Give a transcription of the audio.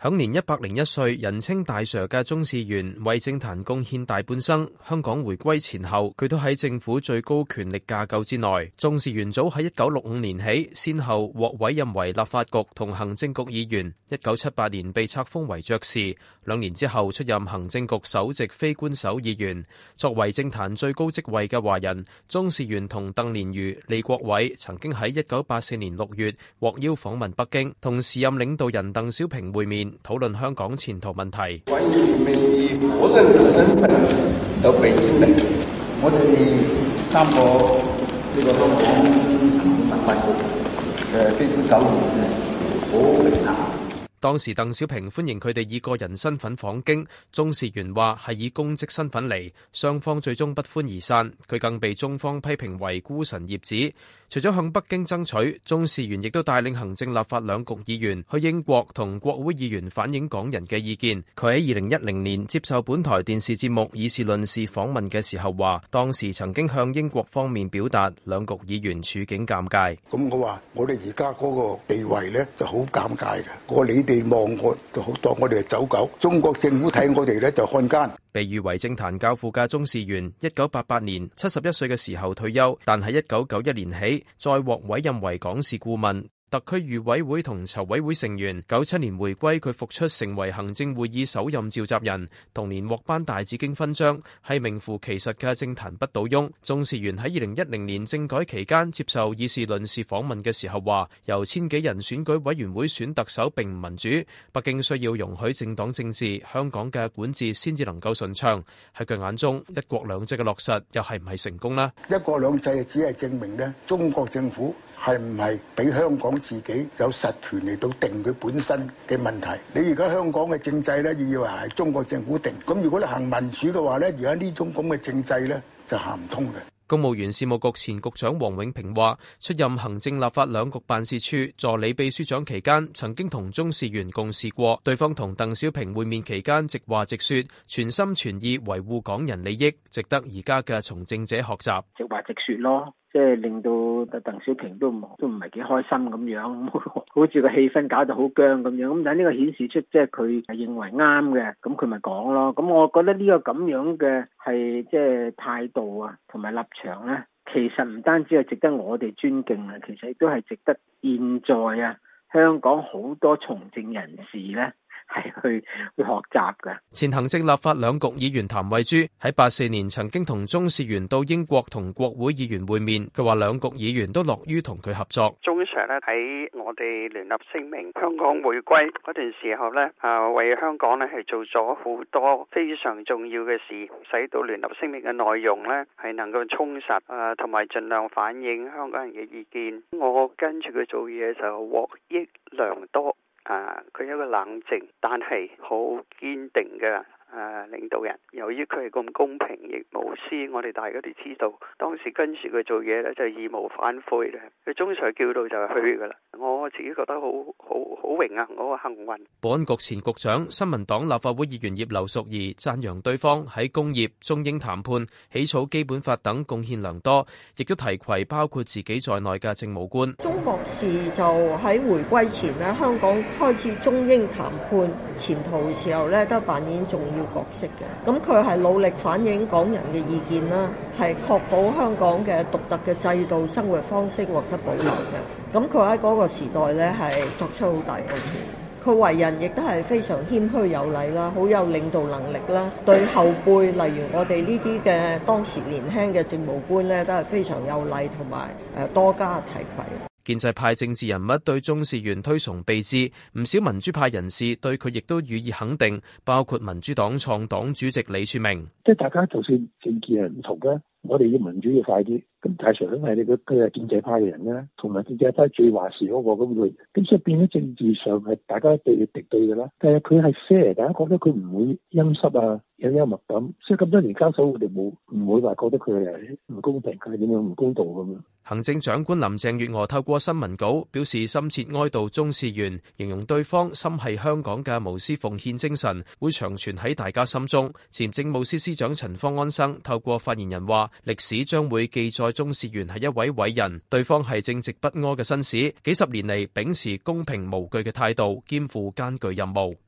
享年一百零一歲，人稱大 Sir 嘅鍾士元為政壇貢獻大半生。香港回歸前後，佢都喺政府最高權力架構之內。鍾士元早喺一九六五年起，先後獲委任為立法局同行政局議員。一九七八年被冊封為爵士，兩年之後出任行政局首席非官守議員。作為政壇最高職位嘅華人，鍾士元同鄧蓮如、李國偉曾經喺一九八四年六月獲邀訪問北京，同時任領導人鄧小平會面。討論香港前途問題。 當時鄧小平歡迎佢哋以個人身份訪京，鍾士元話係以公職身份嚟，雙方最終不歡而散。佢更被中方批評為孤臣孽子。除咗向北京爭取，鍾士元亦都帶領行政立法兩局議員去英國同國會議員反映港人嘅意見。佢喺二零一零年接受本台電視節目以事論事訪問嘅時候話，當時曾經向英國方面表達兩局議員處境尷尬。咁我話我哋而家嗰個地位呢就好尷尬嘅，我理。地望我就好當我哋係走狗，中國政府睇我哋咧就漢奸。被譽為政壇教父嘅鍾士元，一九八八年七十一歲嘅時候退休，但喺一九九一年起再獲委任為港事顧問。特區預委會同籌委會成員。九七年回歸佢復出，成為行政會議首任召集人，同年獲頒大紫荊勳章，係名副其實嘅政壇不倒翁。鍾士元喺二零一零年政改期間接受議事論事訪問嘅時候話，由千幾人選舉委員會選特首並唔民主，北京需要容許政黨政治，香港嘅管治先至能夠順暢。喺佢眼中，一國兩制嘅落實又係唔係成功呢？一國兩制只係證明呢中國政府。係唔係俾香港自己有實權嚟到定佢本身嘅問題？你而家香港嘅政制呢，以為係中國政府定？咁如果你行民主嘅話呢，而家呢種咁嘅政制呢，就行唔通嘅。公務員事務局前局長王永平話，出任行政立法兩局辦事處助理秘書長期間，曾經同鍾士元共事過。對方同鄧小平會面期間，直話直説，全心全意維護港人利益，值得而家嘅從政者學習。直話直説咯。即係令到個鄧小平都都唔係幾開心咁樣， 好似個氣氛搞到好僵咁樣。咁但係呢個顯示出即係佢係認為啱嘅，咁佢咪講咯。咁我覺得呢個咁樣嘅係即係態度啊，同埋立場呢，其實唔單止係值得我哋尊敬啊，其實亦都係值得現在啊香港好多從政人士呢，係去去學習嘅。前行政立法兩局議員譚惠珠喺八四年曾經同鍾士元到英國同國會議員會面。佢話兩局議員都樂於同佢合作。鍾 sir 咧喺我哋聯合聲明香港回歸嗰段時候咧，啊為香港咧係做咗好多非常重要嘅事，使到聯合聲明嘅內容咧係能夠充實啊，同埋盡量反映香港人嘅意見。我跟住佢做嘢就獲益良多。啊！佢有個冷靜，但係好堅定嘅誒領導人，由於佢係咁公平、亦無私，我哋大家都知道，當時跟住佢做嘢咧就義無反悔咧。佢中朝叫到就去㗎啦。我自己覺得好好好榮啊，好幸運。保安局前局長、新民黨立法會議員葉劉淑儀讚揚對方喺工業、中英談判、起草基本法等貢獻良多，亦都提攜包括自己在內嘅政務官。鍾士元就喺回歸前咧，香港開始中英談判前途嘅時候呢都扮演重要。角色嘅，咁佢係努力反映港人嘅意見啦，係確保香港嘅獨特嘅制度生活方式獲得保留嘅。咁佢喺嗰個時代呢，係作出好大貢獻。佢為人亦都係非常謙虛有禮啦，好有領導能力啦，對後輩，例如我哋呢啲嘅當時年輕嘅政務官呢，都係非常有禮同埋誒多加提攜。建制派政治人物對鍾士元推崇備至，唔少民主派人士對佢亦都予以肯定，包括民主黨創黨主席李柱銘。即係大家就算政見係唔同嘅，我哋要民主要快啲。咁但係除咗係你個佢係建制派嘅人啦，同埋建制派最話事嗰個咁佢，咁所以變咗政治上係大家對敵對嘅啦。但係佢係 fair，大家覺得佢唔會陰濕啊，有幽默感，所以咁多年交手，我哋冇唔會話覺得佢係唔公平，佢係點樣唔公道咁樣。行政長官林鄭月娥透過新聞稿表示深切哀悼鍾士元，形容對方心繫香港嘅無私奉獻精神會長存喺大家心中。前政務司司長陳方安生透過發言人話：歷史將會記載。鍾士元係一位偉人，對方係正直不阿嘅紳士，幾十年嚟秉持公平無懼嘅態度，肩負艱巨任務。